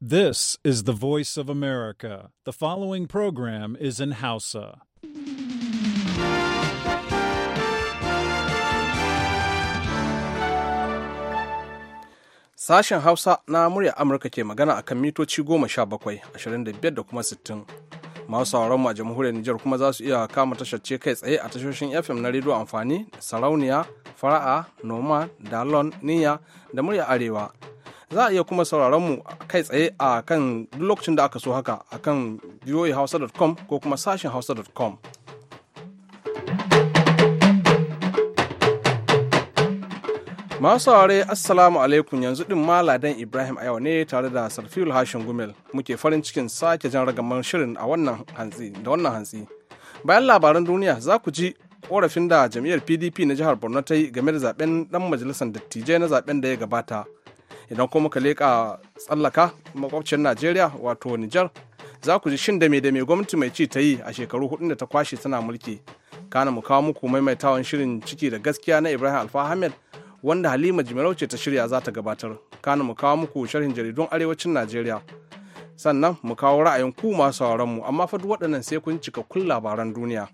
This is the voice of America. The following program is in Hausa. Sashen Hausa na murya Amurka ke magana a kan mitoci goma sha bakwai, ashirin da biyar da kuma sittin. Masu sauranmu a jamhuriyar Nijar kuma za su iya kama tashar kai tsaye a tashoshin FM na rediyo amfani, sarauniya, fara'a, noma, dalon, niyya da murya arewa. za a iya kuma sauraron mu kai tsaye a kan duk lokacin da aka so haka a kan voahausa.com ko kuma sashen hausa.com. Masu saurare Assalamu alaikum yanzu din ma Ladan Ibrahim a yau ne tare da Sarfiul Hashin Gumel muke farin cikin sake jan ragaman shirin a wannan hantsi da wannan hantsi. Bayan labaran duniya za ku ji korafin da jam'iyyar PDP na jihar Borno ta yi game da zaben dan majalisar dattijai na zaben da ya gabata. idan kuma muka leƙa tsallaka makwabcin najeriya wato nijar za ku ji shin da me da me gwamnati mai ci ta yi a shekaru hudun da ta kwashe tana mulki kana mu kawo muku maimaitawan shirin ciki da gaskiya na ibrahim alfa ahmed wanda halima jimarauce ta shirya za ta gabatar kana mu kawo muku sharhin jaridun arewacin najeriya sannan mu kawo ra'ayin ku masu mu amma fa duk waɗannan sai kun cikakkun labaran duniya.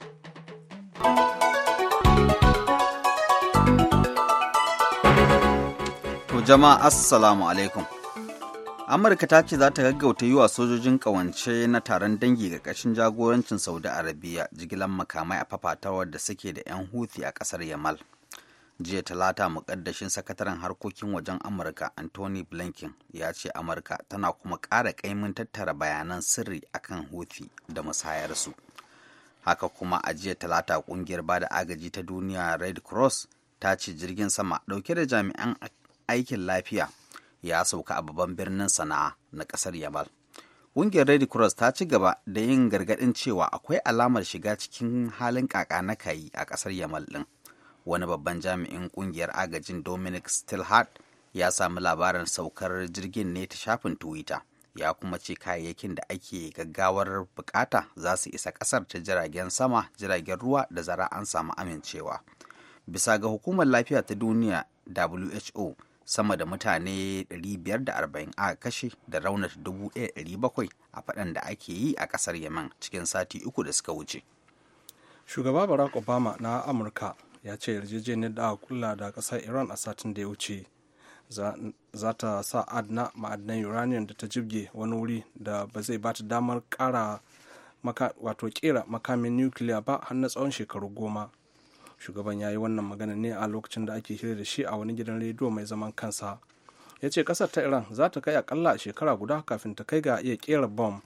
jama'a assalamu alaikum amurka ta ce za ta gaggauta yi wa sojojin kawance na taron dangi ga ƙashin jagorancin saudi arabia jigilan makamai a fafatawar da suke da 'yan huthi a ƙasar yamal jiya talata mukaddashin sakataren harkokin wajen amurka anthony blinken ya ce amurka tana kuma ƙara ƙaimin tattara bayanan sirri akan huthi da musayarsu haka kuma a jiya talata ƙungiyar bada agaji ta duniya red cross ta ce jirgin sama ɗauke da jami'an aikin lafiya ya sauka a babban birnin sana'a na ƙasar yamal ƙungiyar red cross ta ci gaba da yin gargaɗin cewa akwai alamar shiga cikin halin kaka na kayi a ƙasar yamal ɗin wani babban jami'in ƙungiyar agajin dominic stilhart ya sami labarin saukar jirgin ne ta shafin twitter ya kuma ce kayayyakin da ake gaggawar bukata za su isa kasar ta jiragen sama jiragen ruwa da zara an samu amincewa bisa ga hukumar lafiya ta duniya who sama da mutane 540 a kashe da raunata 1,700 a faɗan da ake yi a ƙasar yaman cikin sati uku da suka wuce shugaba barack obama na amurka ya ce yarjejeniyar da aka kula da ƙasar iran a satin da ya wuce za ta sa adna ma'adinan uranium da ta jibge wani wuri da ba zai ba ta damar ƙara wato kera makamin nukiliya ba har na tsawon shekaru goma shugaban ya yi wannan magana ne a lokacin da ake shirya da shi a wani gidan rediyo mai zaman kansa ya ce kasar ta iran za ta kai akalla a shekara guda kafin ta kai ga iya kera bom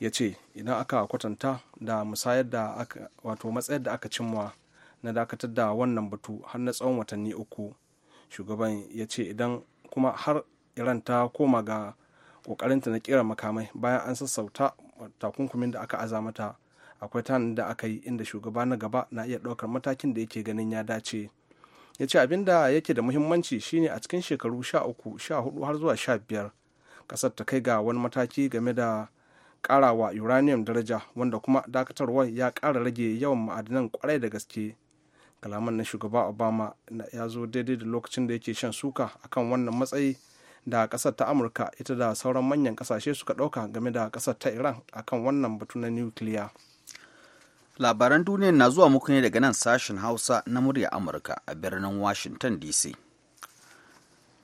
ya ce idan aka kwatanta da musayar da aka wato matsayar da aka cimma na dakatar da wannan batu har na tsawon watanni uku shugaban ya ce idan kuma har iran ta koma ga kokarinta na kera makamai bayan an sassauta takunkumin da aka aza mata akwai tanin da aka yi inda shugaba na gaba na iya ɗaukar matakin da yake ganin ya dace ya ce abin da yake da muhimmanci shine a cikin shekaru sha uku sha hudu har zuwa sha biyar ƙasar ta kai ga wani mataki game da ƙarawa uranium daraja wanda kuma dakatarwar ya kara rage yawan ma'adinan kwarai da gaske kalaman na shugaba obama ya zo daidai da lokacin da yake shan suka akan wannan matsayi da kasar ta amurka ita da sauran manyan kasashe suka ɗauka game da kasar ta iran akan wannan batu na nukiliya. Labaran Duniya na zuwa muku ne daga nan sashen Hausa na murya Amurka a birnin Washington DC.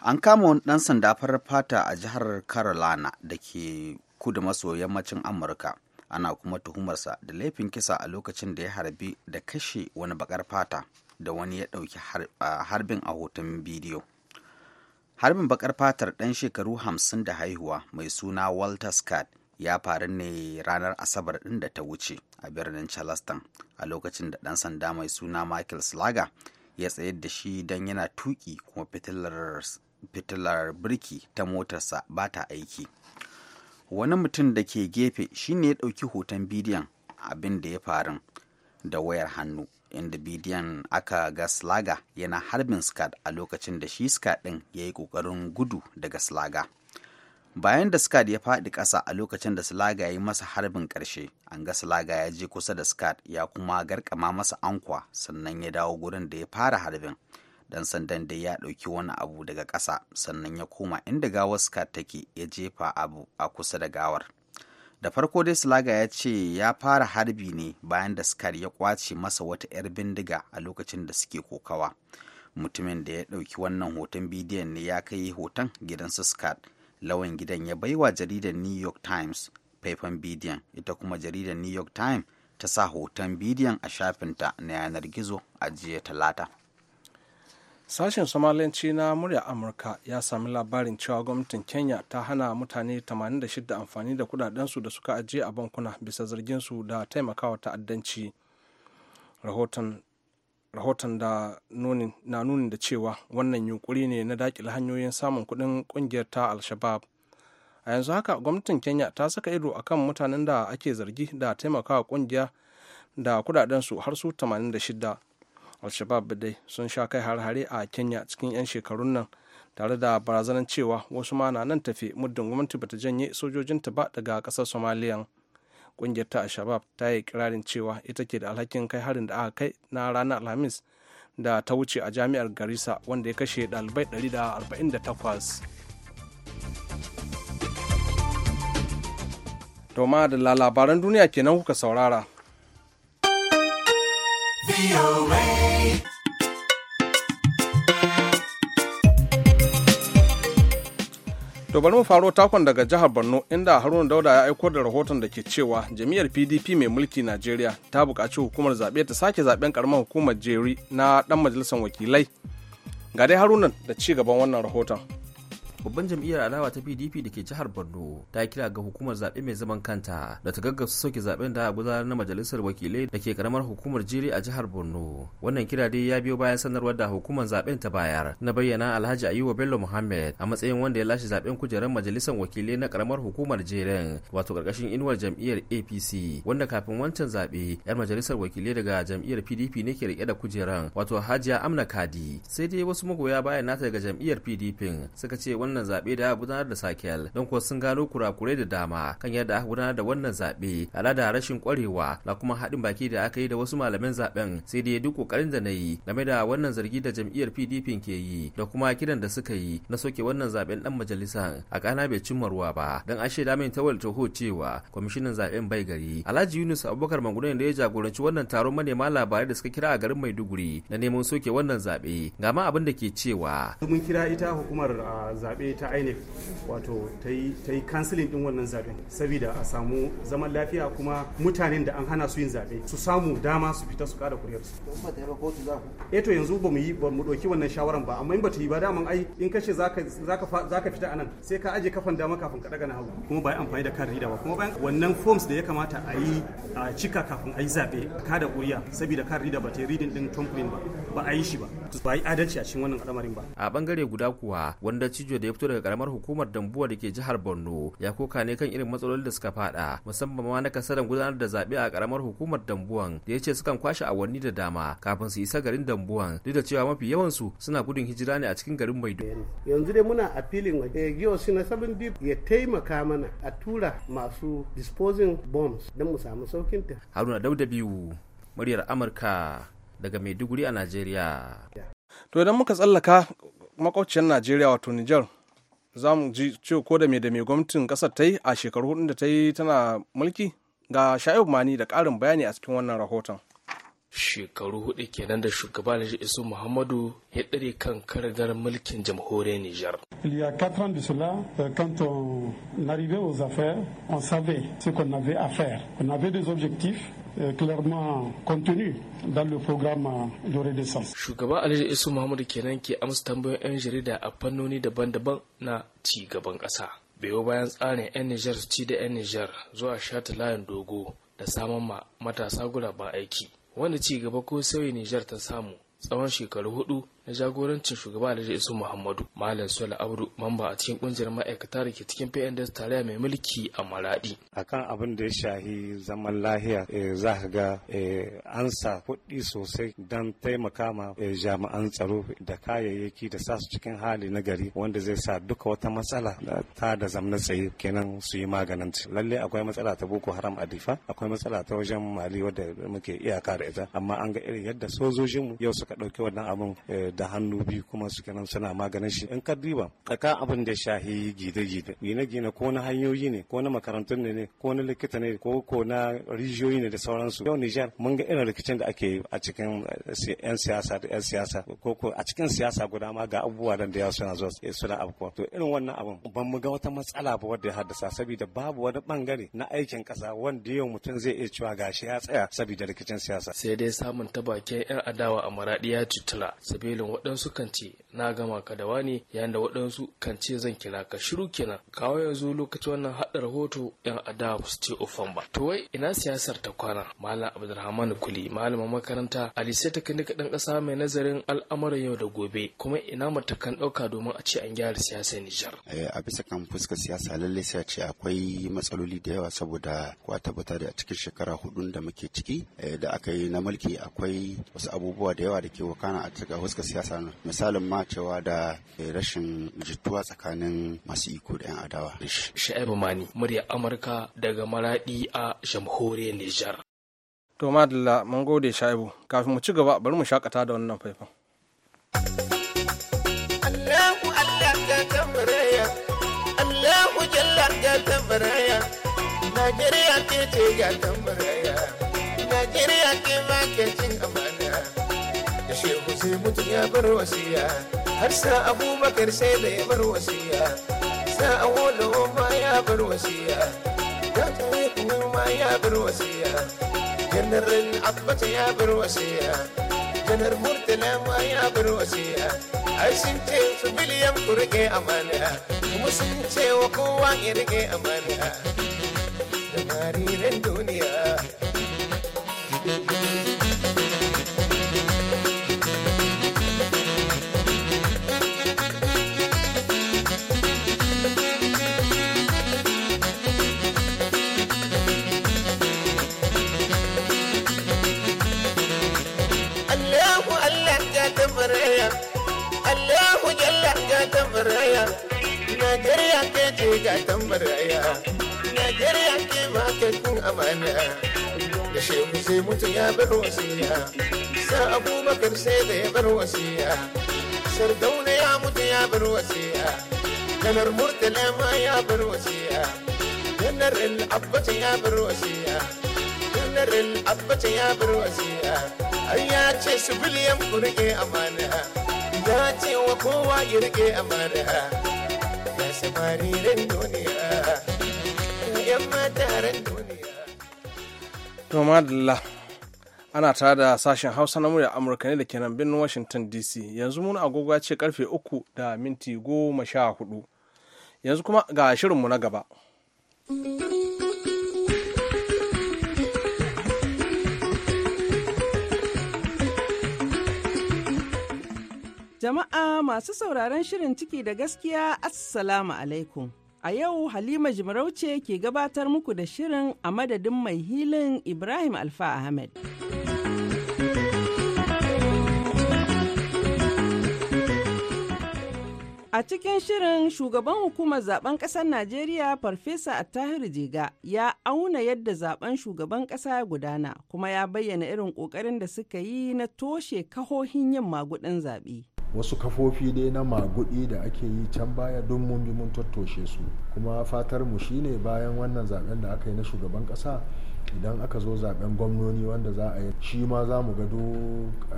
An kama wani ɗan sanda farar fata a jihar Carolina da ke kudu maso yammacin Amurka. Ana kuma tuhumarsa da laifin kisa a lokacin da ya harbi da kashe wani bakar fata da wani ya ɗauki harbin a hoton bidiyo. Harbin bakar fatar ɗan shekaru hamsin da haihuwa mai suna Walter Scott ya faru ne ranar Asabar ɗin da ta wuce. a birnin charleston a lokacin da ɗan sanda mai suna michael slager ya tsayar da shi don yana tuki kuma fitilar birki ta motarsa ba ta aiki wani mutum da ke gefe shine ya ɗauki hoton bidiyon abin da ya faru da wayar hannu inda bidiyon aka ga slaga yana harbin skat a lokacin da shi skat din ya yi kokarin gudu daga slaga bayan da Scott ya faɗi ƙasa a lokacin da Slaga ya yi masa harbin ƙarshe an ga Slaga ya je kusa da Scott ya kuma garkama masa ankwa sannan ya dawo gurin da ya fara harbin dan sandan dai ya ɗauki wani abu daga ƙasa sannan ya koma inda gawar Scott take ya jefa abu a kusa da gawar da farko dai Slaga ya ce ya fara harbi ne bayan da Scott ya kwace masa wata 'yar bindiga a lokacin da suke kokawa mutumin da ya ɗauki wannan hoton bidiyon ne ya kai hoton gidansu Scott lawan gidan ya baiwa jaridar new york times faifan bidiyon ita kuma jaridar new york times ta sa hoton bidiyon a shafinta na yanar gizo a jiya talata sashen somalanci na murya amurka ya sami labarin cewa gwamnatin kenya ta hana mutane 86 amfani da kudadensu da suka ajiye a bankuna bisa zarginsu da taimakawa ta'addanci rahoton rahoton da na nuni da cewa wannan yunkuri ne na dakile hanyoyin samun kuɗin ƙungiyar ta al-shabab a yanzu haka gwamnatin kenya ta saka ido a kan mutanen da ake zargi da taimakawa ƙungiya da kudadensu har su 86 al-shabab dai sun sha kai har-hare a kenya cikin 'yan shekarun nan tare da barazanar cewa wasu ma na nan tafi muddin gwamnati bata janye sojojinta ba daga ƙasar somaliya kungiyar ta shabab ta yi kirarin cewa ita ke da alhakin kai harin da aka kai na ranar alhamis da ta wuce a jami'ar garissa wanda ya kashe dalibai 148 da arba'in da labaran duniya kenan kuka saurara. To bari mu faro takon daga jihar Borno inda Haruna Dauda ya aiko da rahoton da ke cewa jami'ar PDP mai mulki Najeriya ta buƙaci hukumar zaɓe ta sake zaɓen karamar hukumar jeri na ɗan majalisar wakilai. Ga dai Haruna da ci gaban wannan rahoton. babban jam'iyyar alawa ta pdp da ke jihar borno ta kira ga hukumar zaɓe mai zaman kanta da ta gaggasa soke zaɓen da gudanar na majalisar wakilai da ke karamar hukumar jere a jihar borno wannan kira dai ya biyo bayan sanarwar da hukumar zaɓen ta bayar na bayyana alhaji ayuba bello muhammad a matsayin wanda ya lashe zaɓen kujerar majalisar wakilai na karamar hukumar jeren wato karkashin inuwar jam'iyyar apc wanda kafin wancan zaɓe yar majalisar wakilai daga jam'iyyar pdp ne ke rike da kujerar wato hajiya amna kadi sai dai wasu magoya bayan nata daga jam'iyyar pdp suka ce wannan zaɓe da aka gudanar da sakel don kuwa sun gano kurakurai da dama kan yadda aka gudanar da wannan zaɓe ala da rashin kwarewa na kuma haɗin baki da aka yi da wasu malaman zaɓen sai dai duk ƙoƙarin da na yi game da wannan zargi da jam'iyyar pdp ke yi da kuma kiran da suka yi na soke wannan zaɓen ɗan majalisa a kana bai cimma ruwa ba don an shaida min tawal ho cewa kwamishinan zaɓen bai gari alhaji yunus abubakar ne da ya jagoranci wannan taron manema labarai da suka kira a garin maiduguri na neman soke wannan zaɓe ga ma abin da ke cewa mun kira ita hukumar ah, zaɓe ta inec wato ta yi kansilin ɗin wannan zaɓen saboda a samu zaman lafiya kuma mutanen da an hana su yin zaɓe su samu dama su fita su kada kuriyar su eh to yanzu ba mu yi ba mu ɗauki wannan shawaran ba amma in ba ta yi ba daman ai in kace za ka fita anan sai ka aje kafan dama kafin ka daga na hagu kuma ba amfani da kan rida ba kuma bayan wannan forms da ya kamata a yi a cika kafin a yi zaɓe kada kuriya saboda kan rida ba ta yi reading ɗin tumbling ba ba a yi shi ba ba yi adalci a cikin wannan al'amarin ba a bangare guda kuwa wanda cijo da ya fito daga karamar hukumar dambuwa da ke jihar borno ya koka ne kan irin matsalolin da suka fada musamman ma na kasaran gudanar da zaɓe a karamar hukumar dambuwan da ya ce sukan kwashe awanni da dama kafin su isa garin dambuwan duk da cewa mafi yawansu suna gudun hijira ne a cikin garin maiduguri yanzu dai muna a filin waje eh, na 7 ya taimaka mana a tura masu disposing bombs don mu samu saukin ta haruna dauda biyu muryar amurka daga Maiduguri a Najeriya. To idan muka tsallaka makwabciyar Najeriya wato Nijar za mu ji ciwo ko da da mai gwamnatin kasar ta yi a shekaru hudu da ta yi tana mulki ga Sha'ib Mani da ƙarin bayani a cikin wannan rahoton. shekaru hudu kenan da shugaba Alhaji Isu Muhammadu ya dare kan karagar mulkin jamhuriyar Nijar. Il y a quatre ans de cela, euh, quand on arrivait aux affaires, on savait ce qu'on avait à faire. On avait des objectifs euh, clairement contenu dans le programme de redescence. Shugaba Alhaji Isu Muhammadu kenan ke amsa tambayoyin 'yan jarida a fannoni daban-daban na ci gaban ƙasa. Biyo bayan tsarin 'yan Nijar su ci da 'yan Nijar zuwa shata layin dogo da samun ma matasa guraben aiki. wanda ci gaba ko sauyi Nijar ta samu tsawon shekaru hudu na jagorancin shugaba Alhaji Isu Muhammadu Malam sule Abdu mamba a cikin kungiyar ma'aikata da ke cikin PNDS tarayya mai mulki a Maradi. Akan abin da ya shahi zaman lahiya eh, za ka ga eh, an sa kuɗi sosai don taimaka ma eh, jami'an tsaro da kayayyaki da sa cikin hali na gari wanda zai sa duka wata matsala ta da zamna tsaye kenan su yi maganin lalle akwai matsala ta boko haram a difa akwai matsala ta wajen mali wadda muke iyaka da ita amma an ga irin yadda sojojinmu yau suka ɗauki wannan abin da hannu biyu kuma su kenan suna maganin shi in ka diba kaka abin da shahi gida gida gine-gine ko na hanyoyi ne ko na makarantun ne ko na likita ne ko ko na rijiyoyi ne da sauransu yau Nijar mun ga irin rikicin da ake a cikin eh, 'yan siyasa da 'yan siyasa ko ko a cikin siyasa guda ma ga abubuwa da ya suna zuwa eh, suna abuwa to irin wannan abin ban mu ga wata matsala ba wadda ya haddasa saboda babu wani bangare na aikin kasa wanda yau mutum zai iya cewa gashi ya tsaya saboda rikicin siyasa sai dai samun ta bakin 'yan adawa a maradi ya sabila irin waɗansu kan ce na gama ka da wani yayin da waɗansu kan ce zan kira ka shiru kenan kawo yanzu lokacin wannan haɗa rahoto yan adawa su ce ofan ba to wai ina siyasar ta kwana malam abdulrahman kuli malamin makaranta alise ta kani kaɗan ƙasa mai nazarin al'amuran yau da gobe kuma ina matakan ɗauka domin a ce an gyara siyasar nijar. Eh, a bisa kan fuskar siyasa lallai sai ce akwai matsaloli da yawa saboda kwa tabbata da a cikin shekara hudun da muke ciki eh, da aka yi na mulki akwai wasu abubuwa da yawa da ke wakana a cikin fuskar siyasa nan misalin ma cewa da eh, rashin jituwa tsakanin masu iko da 'yan adawa. Sha'ibu Mani, murya Amurka daga Maradi a jamhuriyar Nijar. To madalla mun gode Sha'ibu, kafin mu ci gaba bari mu shakata da wannan faifan. Allahu Allah ga tambaraya, Allahu jalla ga tambaraya, Najeriya ce ce ga tambaraya. ya bar wasiya har sa abubakar sai da ya bar wasiya sa awolowo ma ya bar wasiya dr kuma ma ya bar wasiya janar abbas ya bar wasiya janar murtala ma ya bar wasiya ai sun ce su biliyan ku rike amana kuma sun ce wa kowa ya rike amana da mariren duniya aya Najeriya ke ce gatan baraya Najeriya ke makakin amana da shehu sai mutu ya bar wasiya sa abubakar sai da ya bar wasiya sardauna ya mutu ya bar wasiya kanar murtala ma ya bar wasiya kanar al'abbata ya bar wasiya kanar al'abbata ya bar wasiya an ya ce su biliyan ku amana ta cewa kowa ya rike ya samari ran duniya yan mata ran duniya madalla ana tare da sashen hausa na murya amurka ne da ke nan birnin washington dc yanzu muna agogo ce karfe uku da minti goma sha hudu yanzu kuma ga shirinmu na gaba. Mm -hmm. Jama'a masu sauraron shirin ciki da gaskiya Assalamu alaikum. A yau Halima Jimarauce ke gabatar muku da shirin a madadin mai hilin Ibrahim Alfa Ahmed. A cikin shirin shugaban hukumar zaben ƙasar Najeriya Farfesa Attahiru Jega ya auna yadda zaben shugaban ƙasa ya gudana kuma ya bayyana irin ƙoƙarin da suka yi na toshe kahohin yin maguɗin zaɓe. wasu kafofi dai na magudi da ake yi can baya don mun bi mun tattoshe su kuma fatar mu shine bayan wannan zaben da aka yi na shugaban kasa idan aka zo zaben gwamnoni wanda za a yi shi ma za mu gado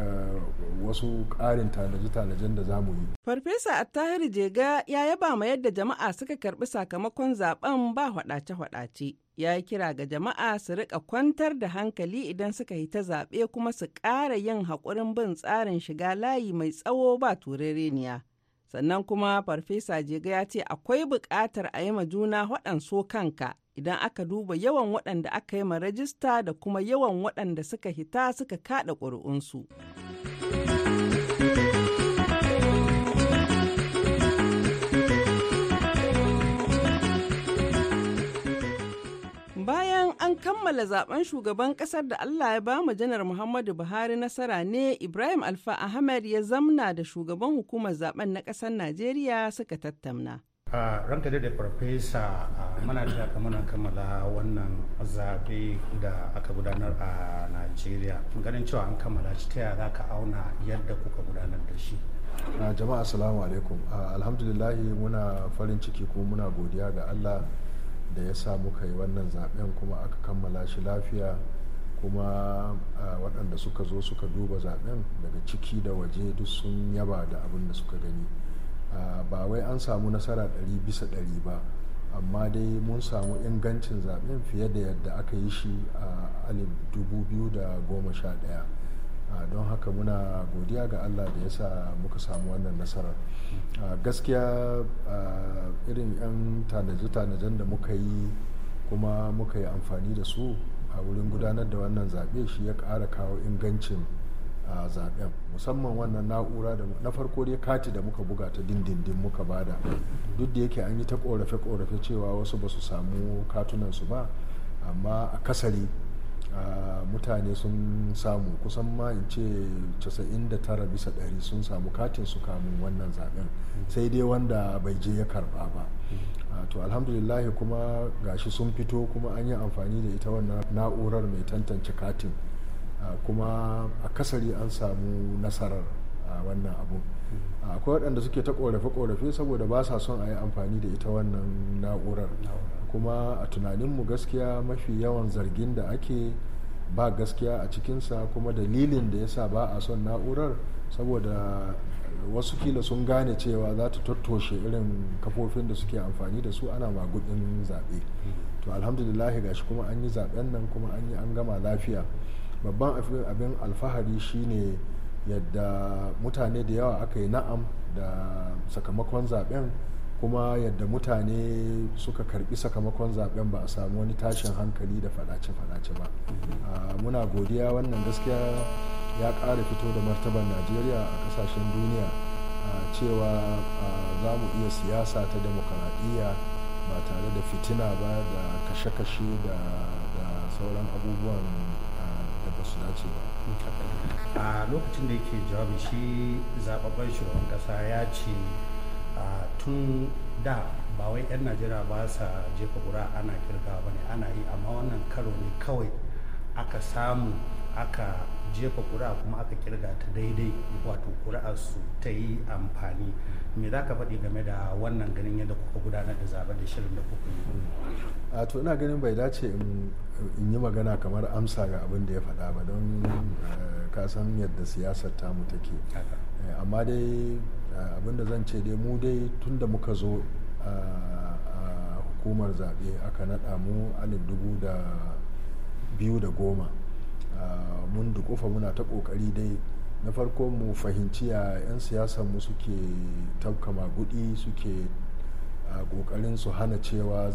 eh, wasu ƙarin tanaje-tanajen da za mu yi. Farfesa attahir Jega ya yaba ma yadda jama'a suka karɓi sakamakon zaben ba hwadace-hwadace. Ya yi kira ga jama'a su rika kwantar da hankali idan suka yi ta zaɓe kuma su ƙara yin haƙurin bin tsarin shiga layi mai tsawo ba turereniya. sannan kuma farfesa jega ya ce akwai buƙatar a yi ma juna waɗansu kanka idan aka duba yawan waɗanda aka yi ma rajista da kuma yawan waɗanda suka hita suka kaɗa ƙuri'unsu. Bayan an kammala zaben shugaban ƙasar da Allah ya ba mu janar Muhammadu Buhari nasara ne Ibrahim Alfa Ahmed ya zamna da shugaban hukumar zaben na ƙasar Najeriya suka tattauna. ranka da farfesa muna da muna kammala wannan zaɓe da aka gudanar a najeriya ganin cewa an kammala shi ta yaya ka auna yadda kuka gudanar da shi jama'a assalamu alaikum alhamdulillahi muna farin ciki kuma muna godiya ga allah da ya sa muka yi wannan zaɓen kuma aka kammala shi lafiya kuma waɗanda suka zo suka duba zaɓen daga ciki da waje duk sun yaba da abin da suka gani ba wai an samu nasara ɗari bisa ɗari ba amma dai mun samu ingancin zaɓen fiye da yadda aka yi shi a alif ɗaya don haka muna godiya ga allah da ya sa muka samu wannan nasarar gaskiya irin 'yan tanaje-tanajen da muka yi kuma muka yi amfani da su a wurin gudanar da wannan zaɓe shi ya ƙara kawo ingancin a zaben musamman wannan na'ura da na farko dai kati da muka buga ta dindindin muka bada duk da yake an yi ta korafe korafe cewa wasu ba su samu katunan su ba amma a kasari mutane sun samu kusan ma in ce 99 bisa ɗari sun samu katin su kamun wannan zaɓen sai dai wanda bai je ya karɓa ba to alhamdulillah kuma gashi sun fito kuma an yi amfani da ita wannan na'urar mai tantance katin kuma a kasari an samu nasarar a wannan abu akwai waɗanda suke ta ƙorafe-ƙorafe saboda ba sa son a yi amfani da ita wannan na'urar kuma a tunaninmu gaskiya mafi yawan zargin da ake ba gaskiya a cikinsa kuma dalilin da ya sa ba a son na'urar saboda wasu kila sun gane cewa za ta tattoshe irin kafofin da suke amfani da su ana magudin zaɓe to alhamdulillahi gashi kuma an yi zaɓen nan kuma an yi an gama lafiya babban abin alfahari shine yadda mutane da yawa aka yi na'am da sakamakon zaben kuma yadda mutane suka karbi sakamakon zaben ba a samu wani tashin hankali da fadace-fadace ba ah, muna godiya wannan gaskiya ya ƙara fito da martaban najeriya a kasashen duniya ah, cewa ah, za mu iya siyasa ta demokaradiyya ba tare da fitina ba da kashe-kashe da sauran abubuwan su dace ba a lokacin da yake jawabi shi zababben shugaban kasa ya ce tun da ba wai 'yan najeriya ba sa jefa kura ana kirga ba ne ana yi amma wannan karo ne kawai aka samu aka jefa ƙuri'a kuma aka kirga ta daidai wato ƙuri'ar su ta yi amfani me za ka faɗi game da wannan ganin yadda kuka gudanar da zaɓen da shirin da kuka yi a to ina ganin bai dace in yi magana kamar amsa ga abin da ya faɗa ba don eh, ka san yadda siyasar tamu take eh, amma dai eh, abin da zan ce dai mu dai tun da muka zo a hukumar zaɓe aka naɗa mu alif dubu da biyu da goma Ah, mun dukufa muna ta kokari dai na farko mu fahimci ya 'yan siyasar mu suke taukama gudi suke ah, kokarin su hana cewa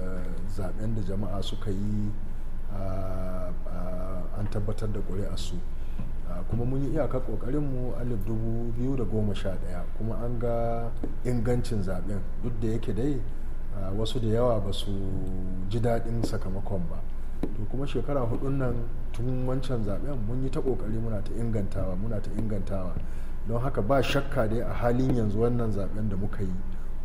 eh, zaben da jama'a suka yi ah, an tabbatar da ƙuri'arsu kuma mun yi iyakar ƙoƙarinmu alif dubu biyu da goma sha ɗaya kuma an ga ingancin zaben duk da yake dai wasu da yawa ba su ji daɗin sakamakon ba to kuma shekara hudun nan tun wancan zaben mun yi ta kokari muna ta ingantawa muna ta ingantawa don haka ba shakka dai a halin yanzu wannan zaben da muka yi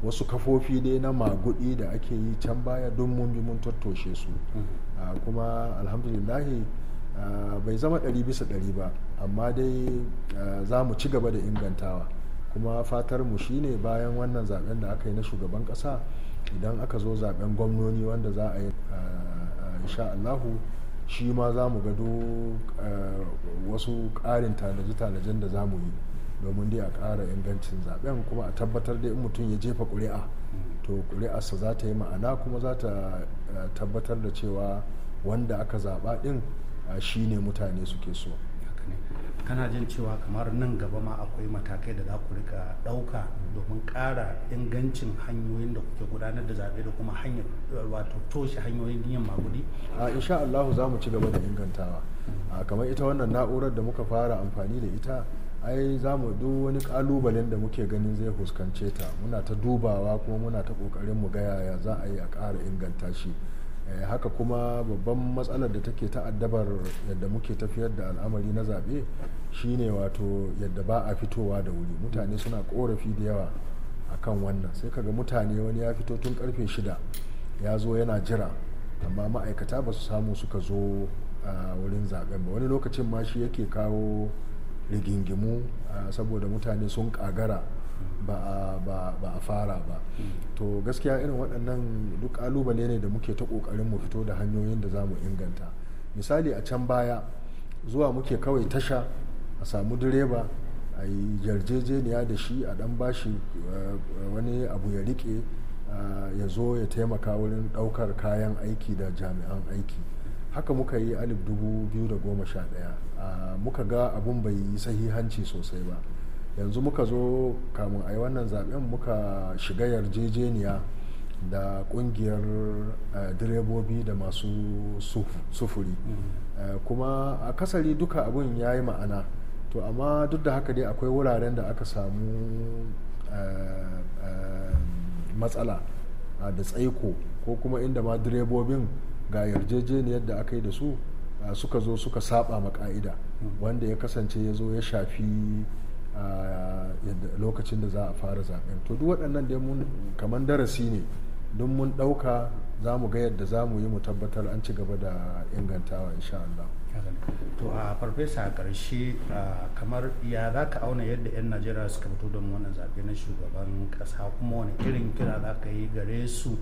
wasu kafofi dai na magudi da ake yi can baya don mun bi mun tattoshe su mm-hmm. ah, kuma alhamdulillahi ah, bai zama ɗari bisa ɗari ba amma dai ah, za mu ci gaba da ingantawa kuma fatar mu shine bayan wannan zaben da aka yi na shugaban ƙasa idan aka zo zaben gwamnoni wanda za a yi insha Allahu shi ma za mu gado eh, wasu ƙarin tanaje-tanajen da za mu yi domin dai a ƙara ingancin zaben kuma a tabbatar da in mutum ya jefa ƙuri'a to ƙuri'arsa za ta yi ma'ana kuma za ta eh, tabbatar da cewa wanda aka zaɓa ɗin eh, shi ne mutane suke so. kana jin cewa kamar nan gaba ma akwai matakai da za ku rika ɗauka domin ƙara ingancin hanyoyin da kuke gudanar da zaɓe da kuma hanyar wato toshe hanyoyin yin magudi? a insha Allah za mu ci gaba da ingantawa kamar ita wannan na'urar da muka fara amfani da ita ai za mu duk wani kalubalen da muke ganin zai fuskance ta muna ta dubawa kuma muna ta kokarin mu ga yaya za a yi a ƙara inganta shi Eh, haka kuma babban matsalar da take ta'addabar yadda muke tafiyar da al'amari na zaɓe shine wato yadda ba a fitowa da wuri mutane suna korafi da yawa a kan wannan sai kaga mutane wani ya fito tun karfe shida ya zo yana jira amma ma'aikata ba su samu suka zo a wurin zaben ba wani lokacin ma shi yake kawo rigingimu saboda mutane sun kagara ba a fara ba to gaskiya irin waɗannan duk ƙalubale ne da muke ta ƙoƙarin mu fito da hanyoyin da za mu inganta misali a can baya zuwa muke kawai tasha a samu direba a yi yarjejeniya da shi a ɗan bashi eh, wani abu ya riƙe eh, ya zo ya taimaka wurin ɗaukar kayan aiki da jami'an aiki haka muka yi alif dubu biyu da goma sha ɗaya ah, muka ga abun bai yi sahihanci sosai ba yanzu muka zo kamun a yi wannan zaben muka shiga yarjejeniya da ƙungiyar eh, direbobi da masu sufuri mm-hmm. eh, kuma a kasari duka abun ya yi ma'ana to amma duk da haka dai akwai wuraren da aka samu eh, matsala da tsaiko ko kuma inda ma direbobin ga yarjejeniyar da aka yi da su suka zo suka saba ma ka'ida mm-hmm. wanda ya kasance ya zo ya shafi a lokacin da za a fara zaben to duk waɗannan dai mun kamar darasi ne don mun ɗauka za mu ga yadda za mu yi mu tabbatar an ci gaba da ingantawa insha Allah. to a farfesa a ƙarshe kamar ya za ka auna yadda 'yan najeriya suka fito don wannan zaɓe na shugaban ƙasa kuma wani irin kira za ka yi gare su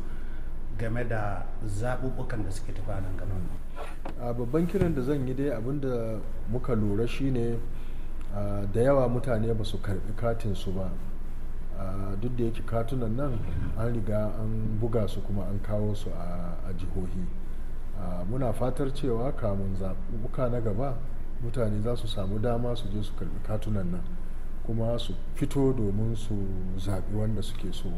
game da zaɓuɓɓukan da suke tafa nan gaba babban kiran da zan yi dai abinda muka lura shine da yawa mutane ba su karbi katin su ba duk da yake katunan nan an riga an buga su kuma an kawo su a jihohi muna fatar cewa kamun zaɓuɓɓuka na gaba mutane za su samu dama su je su karbi katunan nan kuma su fito domin su zaɓi wanda suke so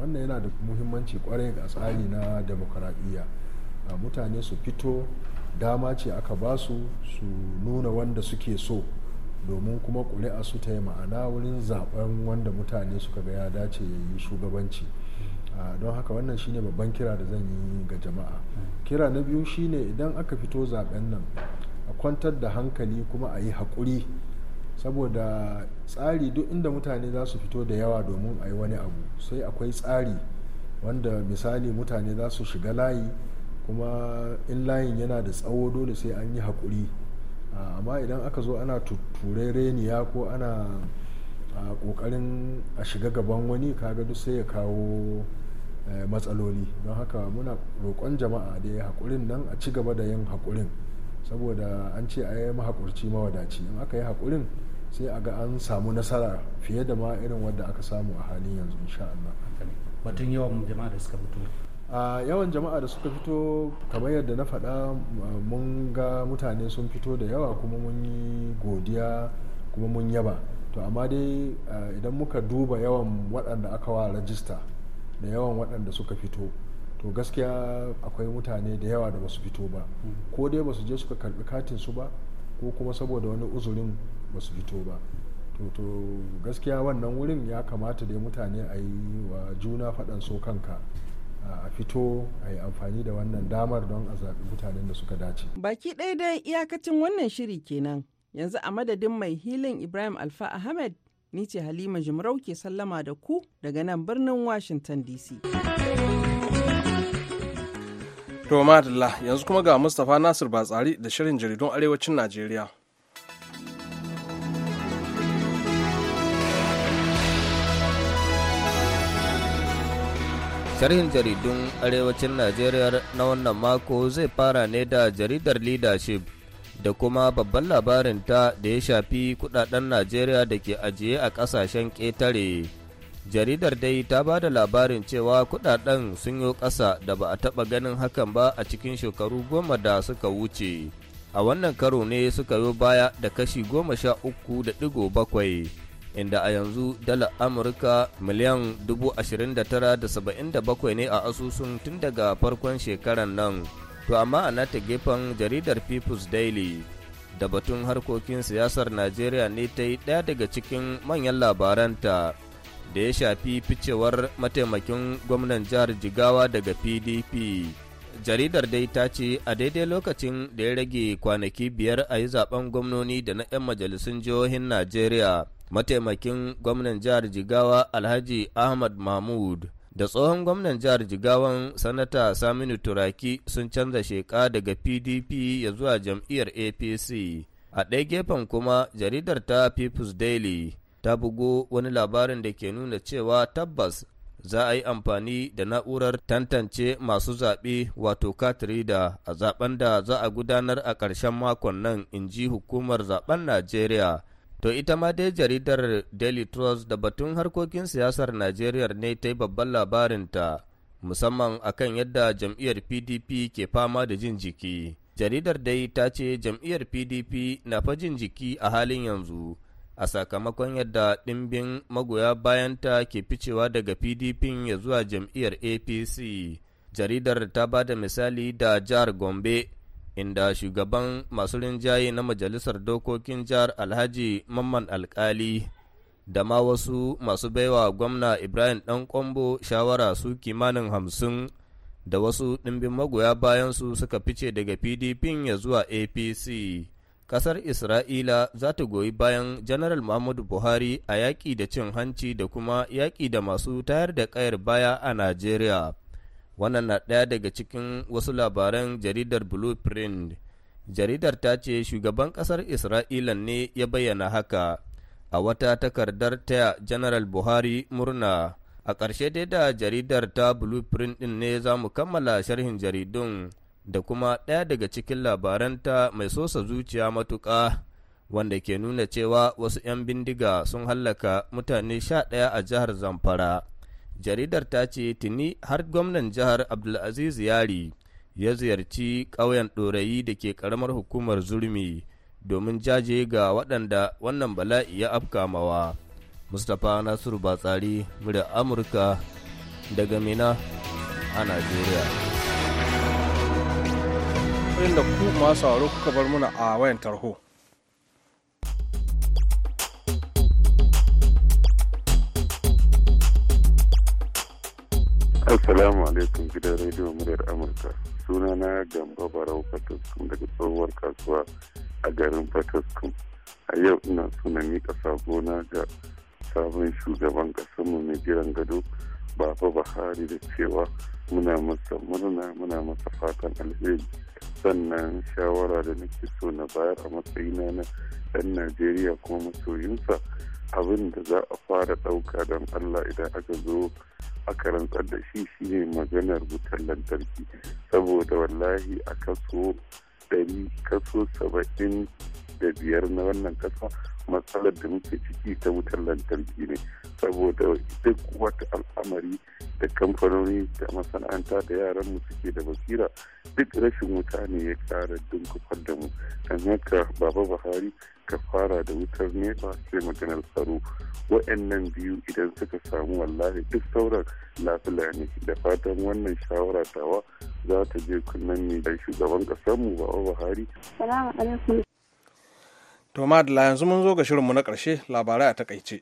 wannan yana da muhimmanci kwarai ga tsari na demokaradiyya mutane su fito dama ce aka basu su nuna wanda suke so domin kuma ƙuri'a su ta yi ma'ana wurin zaben wanda mutane suka ga ya dace ya yi shugabanci don haka wannan shine babban kira da zan yi ga jama'a kira na biyu shine idan aka fito zaben nan a kwantar da hankali kuma a yi haƙuri saboda tsari duk inda mutane za su fito da yawa domin a yi wani abu sai akwai tsari wanda misali mutane za su shiga layi kuma in layin yana da tsawo dole sai an yi haƙuri Ah, amma idan aka zo ana tuture reniya ko ana kokarin ah, a shiga gaban wani kaga duk sai ya kawo eh, matsaloli don haka muna roƙon jama'a da ya haƙurin nan a ci gaba da yin haƙurin saboda an ce a yi mahaƙurci mawadaci in aka yi haƙurin sai a ga an samu nasara fiye da ma irin wadda aka samu a halin yanzu insha Allah batun yawan jama'a da suka fito yawan jama'a da suka fito kamar yadda na faɗa mun ga mutane sun fito da yawa kuma mun yi godiya kuma mun yaba to amma dai idan muka duba yawan waɗanda aka wa rajista da yawan waɗanda suka fito to gaskiya akwai mutane da yawa da basu fito ba ko dai basu je suka karɓi katin su ba ko kuma saboda wani uzurin basu fito ba to gaskiya wannan wurin ya kamata dai mutane a yi wa juna faɗan so kanka a fito a yi amfani da wannan damar don a zaɓi mutanen da suka dace. Baki ɗaya dai iyakacin wannan shiri kenan. Yanzu a madadin mai hilin Ibrahim Alfa Ahmed ni ce Halima Jimarau ke sallama da ku daga nan birnin Washington DC. To madalla yanzu kuma ga Mustapha Nasir Batsari da shirin jaridun Arewacin Najeriya. Sharhin jaridun Arewacin Najeriya na wannan mako zai fara ne da jaridar Leadership da kuma babban labarinta da ya shafi kudaden Najeriya da ke ajiye a kasashen ketare. Jaridar dai ta ba da labarin cewa kudaden sun yi ƙasa da ba a taɓa ganin hakan ba a cikin shekaru goma da suka wuce. A wannan karo ne suka yi baya da kashi goma sha uku da ɗigo bakwai. inda a yanzu dala amurka miliyan 29,77 ne a asusun tun daga farkon shekaran nan to amma a ta gefen jaridar people's daily da batun harkokin siyasar najeriya ne ta yi ɗaya daga cikin manyan labaranta da ya shafi ficewar mataimakin gwamnan jihar jigawa daga pdp jaridar dai ta ce a daidai lokacin da ya rage kwanaki biyar a yi zaben gwamnoni da na 'yan majalisun jihohin najeriya mataimakin gwamnan jihar Jigawa Alhaji Ahmad Mahmud da tsohon gwamnan jihar Jigawan Sanata Saminu Turaki sun canza sheka daga PDP ya zuwa jam'iyyar APC. A ɗaya gefen kuma jaridar ta People's Daily ta bugo wani labarin da ke nuna cewa tabbas za a yi amfani da na'urar tantance masu zaɓe wato katrida a zaben da za a gudanar a ƙarshen makon nan in ji hukumar zaben Najeriya To ita ma dai jaridar Daily Trust da batun harkokin siyasar Najeriya ne ta yi babban labarinta musamman akan yadda jam'iyyar PDP ke fama da jin jiki. Jaridar dai ta ce jam'iyyar PDP na fa jin jiki a halin yanzu a sakamakon yadda ɗimbin magoya bayanta ke ficewa daga PDP ya zuwa jam'iyyar APC. Jaridar ta ba da misali da jihar Gombe. inda shugaban masu rinjaye na majalisar dokokin jihar alhaji mamman alkali da ma wasu masu baiwa gwamna ibrahim dan kwambo shawara su kimanin hamsin da wasu ɗimbin magoya bayan su suka fice daga pdp ya zuwa apc Ƙasar Isra'ila za ta goyi bayan Janaral Muhammadu Buhari a yaƙi da cin hanci da kuma yaƙi da masu tayar da ƙayar baya a Najeriya. wannan na ɗaya daga cikin wasu labaran jaridar blueprint jaridar ta ce shugaban ƙasar isra'ila ne ya bayyana haka a wata takardar ta general buhari murna a ƙarshe dai da jaridar ta blueprint ɗin ne za mu kammala sharhin jaridun da kuma ɗaya daga cikin labaranta mai sosa zuciya matuƙa wanda ke nuna cewa wasu 'yan bindiga sun hallaka mutane sha ɗaya a jihar zamfara jaridar ta ce tuni har gwamnan jihar abdulaziz yari ya ziyarci ƙauyen ɗorayi da ke ƙaramar hukumar zurmi domin jaje ga waɗanda wannan bala'i ya afkamawa mustapha nasiru batsari murya amurka daga mina a najeriya inda ku masu kuka bar muna a wayan tarho Assalamu alaikum gidan rediyo muryar Amurka. Suna na Gamba Barau Fataskum daga tsohuwar kasuwa a garin Fataskum. A yau ina suna miƙa sabona ga sabon shugaban ƙasarmu mai jiran gado Baba Buhari da cewa muna masa murna muna masa fatan alheri. Sannan shawara da nake so na bayar a matsayina na ɗan Najeriya kuma masoyinsa abin da za a fara ɗauka don Allah idan aka zo a rantsar da shi shine maganar wutar lantarki saboda wallahi a kaso ɗari kaso saba'in da biyar na wannan kasa matsalar da muke ciki ta wutar lantarki ne saboda duk wata al'amari da kamfanoni da masana'anta da yaran mu suke da basira duk rashin wuta ne ya kara dunkufar da mu kan haka baba buhari ka fara da wutar nefa sai maganar tsaro wa'annan biyu idan suka samu wallahi duk sauran lafiya ne da fatan wannan shawara tawa za ta je kunnen ne da shugaban mu baba buhari salamu alaikum To madala yanzu mun zo ga shirinmu na ƙarshe labarai a takaice.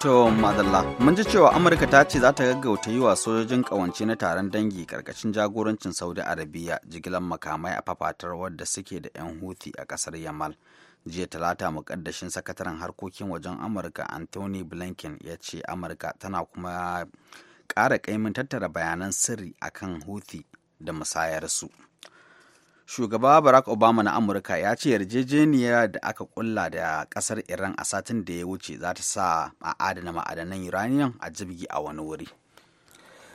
To madalla mun ji cewa Amurka ta ce za ta gaggauta yi wa sojojin ƙawance na taron dangi ƙarƙashin jagorancin Saudi Arabiya jigilar makamai a fafatar wadda suke da 'yan huti a ƙasar Yamal. jiya talata mukaddashin sakataren harkokin wajen amurka anthony blinken ya ce amurka tana kuma ƙara kaimin tattara bayanan sirri akan huti da musayarsu. su shugaba barack obama na amurka ya ce yarjejeniya da aka kulla da kasar iran a satin da ya wuce za ta sa a adana ma'adanan uranium a jirgi a wani wuri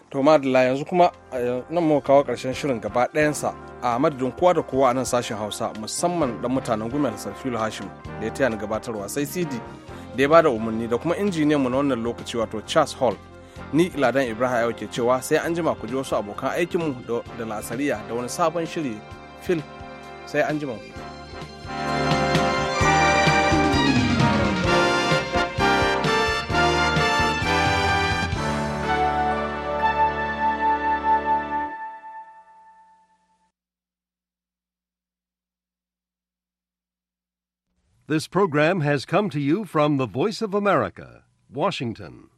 to madalla yanzu kuma eh, nan mu kawo karshen shirin gaba ɗayansa a madadin kowa da kowa a nan sashen hausa musamman dan mutanen gumel sarfilu hashim da ya taya ni gabatarwa sai cd da ya ba da umarni da kuma injiniyan mu na wannan lokaci wato charles hall ni ladan ibrahim ke cewa sai an jima ku ji wasu abokan aikinmu da lasariya da wani sabon shiri sai an jima This program has come to you from the Voice of America, Washington.